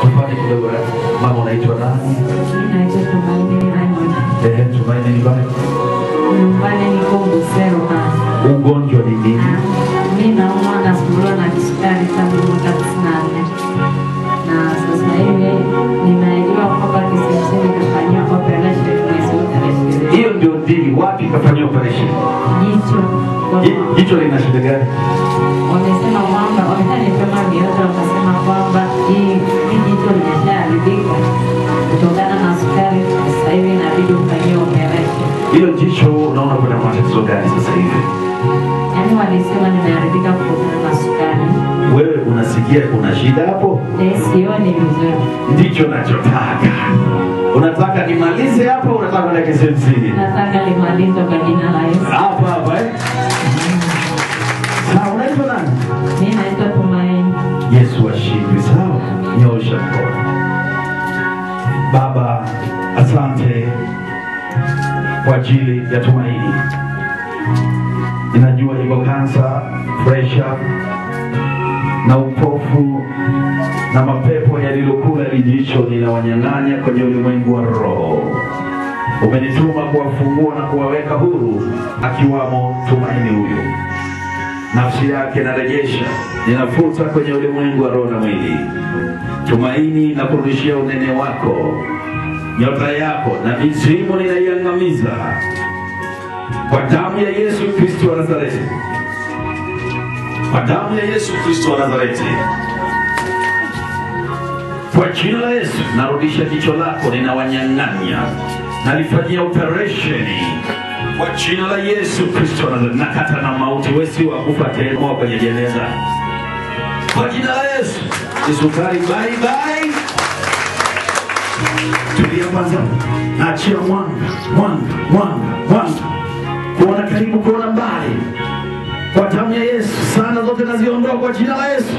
Tupate kidogo eh. mama, unaitwa nani? Naitwa Tumaini Raymond. Eh, Tumaini ni bani? Nyumbani niko Busero mama. Ugonjwa ni nini? Mimi naumwa na suluhu na kisukari tangu mwaka 94. Na sasa hivi nimeelewa kwamba kisukari kafanywa operation mwezi huu. Hiyo ndio dili wapi kafanywa operation? Jicho. Jicho lina shida gani? Wamesema jicho unaona kuna matatizo gani sasa hivi? Yaani walisema nimeharibika sukari. Wewe unasikia kuna shida hapo? Eh, Ndicho nachotaka. Unataka nimalize hapo, unataka kwenda sehemu zingine? Nataka nimalize kwa jina la Yesu. Hapo hapo eh. Sawa, unaitwa nani? Mimi naitwa Tumaini. Yesu ashindwe. Sawa, nyosha mkono. kwa ajili ya tumaini. Ninajua iko kansa, presha na upofu na mapepo yalilokula lijicho ninawanyanganya kwenye ulimwengu wa roho. Umenituma kuwafungua na kuwaweka huru, akiwamo tumaini huyu. Nafsi yake narejesha, ninafuta kwenye ulimwengu wa roho na mwili, tumaini na kurudishia unene wako nyota yako na mizimu ninaiangamiza kwa damu ya Yesu Kristo wa Nazareti, kwa damu ya Yesu Kristo wa Nazareti, kwa jina la Yesu narudisha jicho lako, ninawanyang'anya, nalifanyia operesheni kwa jina la Yesu Kristo wa Nazareti, nakata na mauti, wesi wa kufa tena kwenye jeneza kwa jina la Yesu. Yesu, bye bye bye. Tulia kwanza, achia mwanga, mwanga, mwanga, mwanga, kuona karibu, kuona mbali, kwa damu ya Yesu. Sana zote naziondoa kwa jina la Yesu,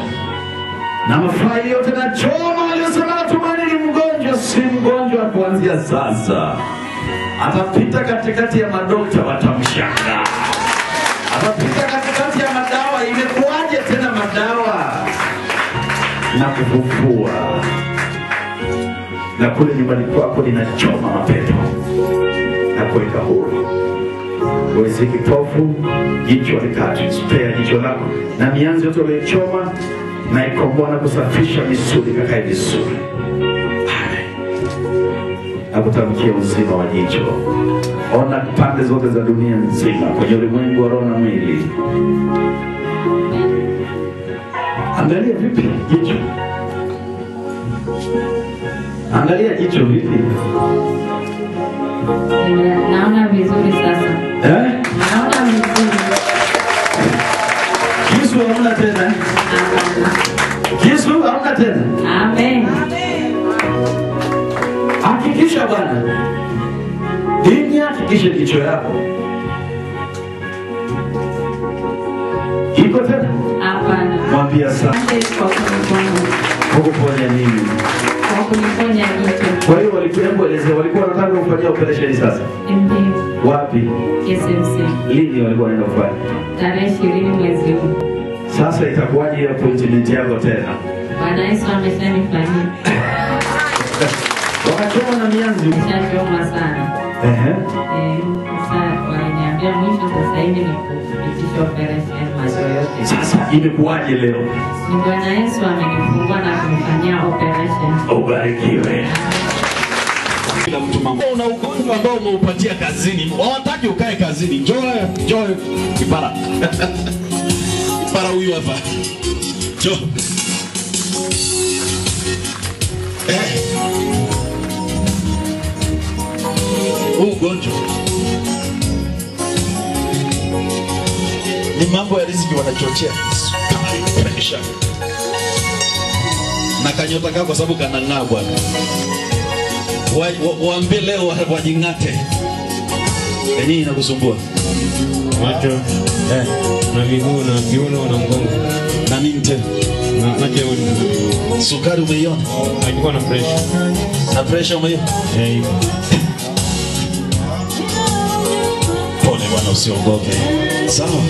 na mafai yote na choma. Aliyosema natumaini ni mgonjwa, si mgonjwa kuanzia sasa. Atapita katikati ya madokta, watamshangaa. Atapita katikati ya madawa, imekuwaje tena madawa na kufufua na kule nyumbani kwako ninachoma mapepo na kuweka huru. Wezi kipofu, jicho litatu, spare jicho lako na mianzi yote uliyochoma na ikomboa na kusafisha misuli kakae vizuri. Akutamkia uzima wa jicho. Ona pande zote za dunia nzima, kwenye ulimwengu wa roho na mwili. Angalia vipi jicho Angalia jicho hivi. Naona vizuri sasa. Eh? Naona vizuri. Yesu anaona tena. Yesu anaona tena. Amen. Hakikisha bwana. Dini hakikisha kichwa yako. Iko tena? Hapana. Mwambia sana. Kukuponya nini? hawakunifanya kitu. Kwa hiyo walikuja kuelezea, walikuwa wanataka kufanyia operation sasa. Ndio. Wapi? KCMC. Lini walikuwa wanaenda kufanya? Tarehe 20 mwezi huu. Sasa itakuwaje hiyo appointment yako tena? Bwana Yesu ameshanifanyia. Wakachoma na mianzi. Nishachoma sana. Ehe. Eh, sasa kwa kupitia mwisho imekuwaje leo? Bwana Yesu amenifungua na kunifanyia operation. Ubarikiwe. Una ugonjwa ambao umeupatia kazini, hawataki ukae kazini. Joe, Joe Kipara, Kipara huyu hapa Joe. Eh. Ugonjwa ni mambo ya riziki wanachochea Yesu na kanyota kao kwa sababu kanang'aa bwana waambie wa, leo wajing'ate wa enii inakusumbua macho eh. na miguu na kiuno na mgongo na nini tena sukari umeiona alikuwa na pressure na presha umeiona eh, pole bwana usiogope sawa.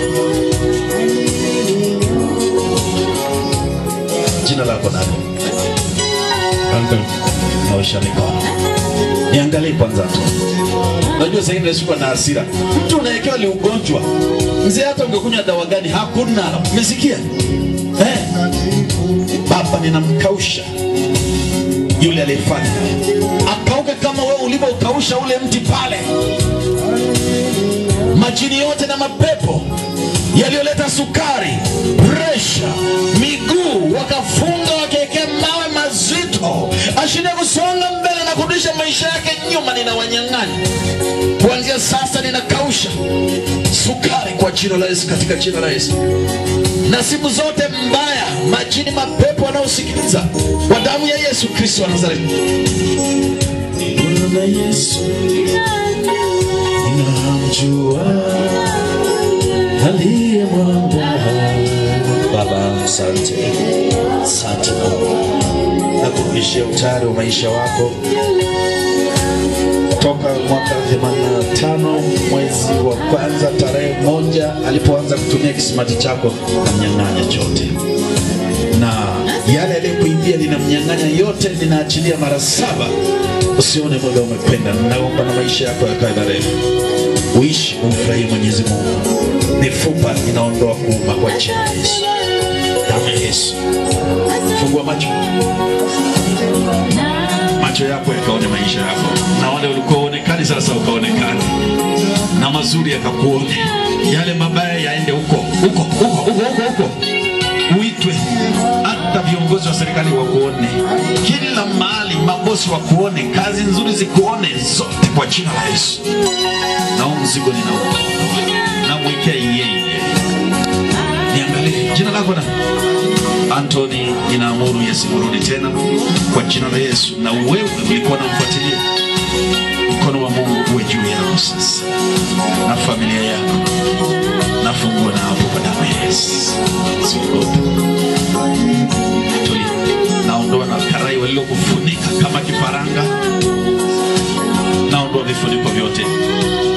Jina lako nani? mikono niangalie kwanza tu. Najua sasa hivi nashikwa na hasira, mtu unaekewa ni ugonjwa mzee, hata ungekunywa dawa gani hakuna. Umesikia eh? Baba, ninamkausha yule aliyefanya akauke kama wewe ulivyokausha ule mti pale majini yote na mapepo yaliyoleta sukari, presha, miguu wakafunga, wakiwekea mawe mazito, ashinde kusonga mbele na kurudisha maisha yake nyuma. Ninawanyang'anya kuanzia sasa, ninakausha sukari kwa jina la Yesu, katika jina la Yesu. siku zote mbaya, majini, mapepo wanaosikiliza, kwa damu ya Yesu Kristo wa Nazareti. Yesu jua aliye mwamba. Baba, asante, asante Baba, nakurudishia utari wa maisha wako toka mwaka 85 mwezi wa kwanza tarehe moja alipoanza kutumia kisimati chako namnyang'anya chote na yale aliyokuimbia ninamnyang'anya yote ninaachilia mara saba usione mola umependa naomba na maisha yako yakae marefu uishi umfurahie Mwenyezi Mungu. Mifupa inaondoa kuuma kwa jina la Yesu. Damu ya Yesu. Fungua macho, macho yako yakaone maisha yako, na wale ulikuwa uonekani sasa ukaonekani na mazuri yakakuone, yale mabaya yaende huko huko huko huko huko, uitwe hata viongozi wa serikali wakuone, kila mahali mabosi wakuone, kazi nzuri zikuone, zote kwa jina la Yesu. Na huu mzigo nina namwekea yeye. Niangalie jina lako na Antoni, ninaamuru Yesu mrudi tena kwa jina la Yesu, na wewe ulikuwa namfuatilia mkono wa Mungu uwe juu yako sasa na familia yako. Tunavuka na Naondoa na karai waliokufunika kama kifaranga. Naondoa vifuniko vyote.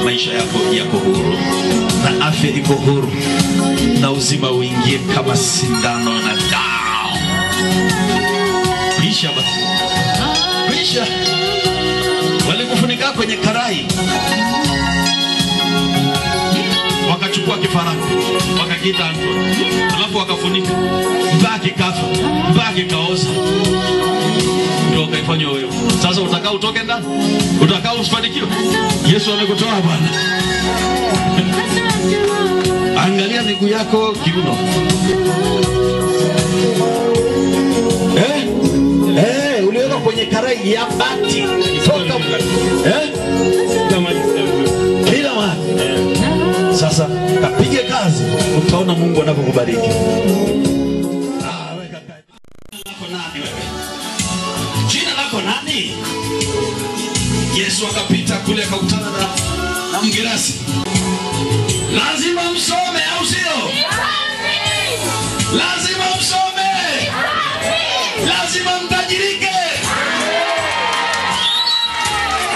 Maisha yako yako huru na afya iko huru na uzima uingie kama sindano na damu. Pisha basi, pisha walikufunika kwenye karai kifaranga wakakita Anton, alafu wakafunika baki kafa baki kaosa, ndio ukaifanywa wewe. Sasa utakaa utoke ndani, utakaa usifanikiwe. Yesu amekutoa Bwana. Angalia miguu yako kiuno, eh? Eh, uliweka kwenye karai ya baki Mungu anavyokubariki. Jina lako nani? Yesu akapita kule akakutana na, na mgirasi. Lazima msome au sio? Lazima msome. Lazima mtajirike.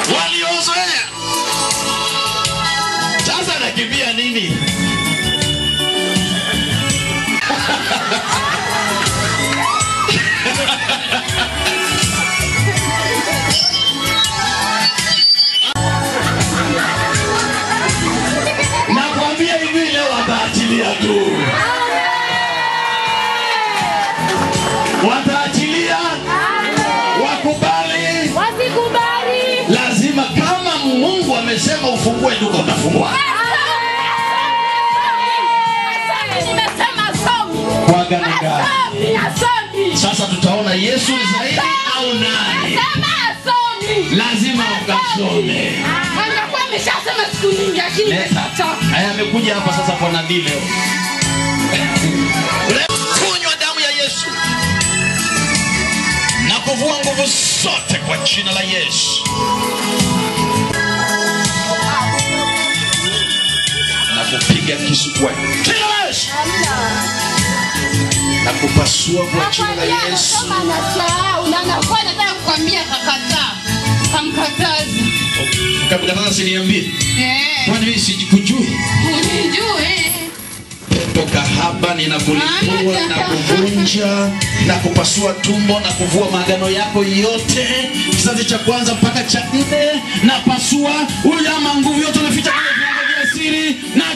Waliozoea. Sasa nakimbia nini? duka utafungwa. Sasa tutaona Yesu ni zaidi au nani? Lazima ukasome. hapa sasa kwa nabii leo. Kunywa damu ya Yesu na kuvua nguvu zote kwa jina la Yesu. wewe jina na kupasua kwa jina la Yesu. Nataka kukwambia kakataa, kamkatazi kamkataza, siniambie eh. kwani mimi sijikujui unijue pepo kahaba, ninakulipua na kuvunja na kupasua tumbo na kuvua maagano yako yote, kizazi cha kwanza mpaka cha nne, na pasua unyama, nguvu yote unaficha kwenye viungo siri na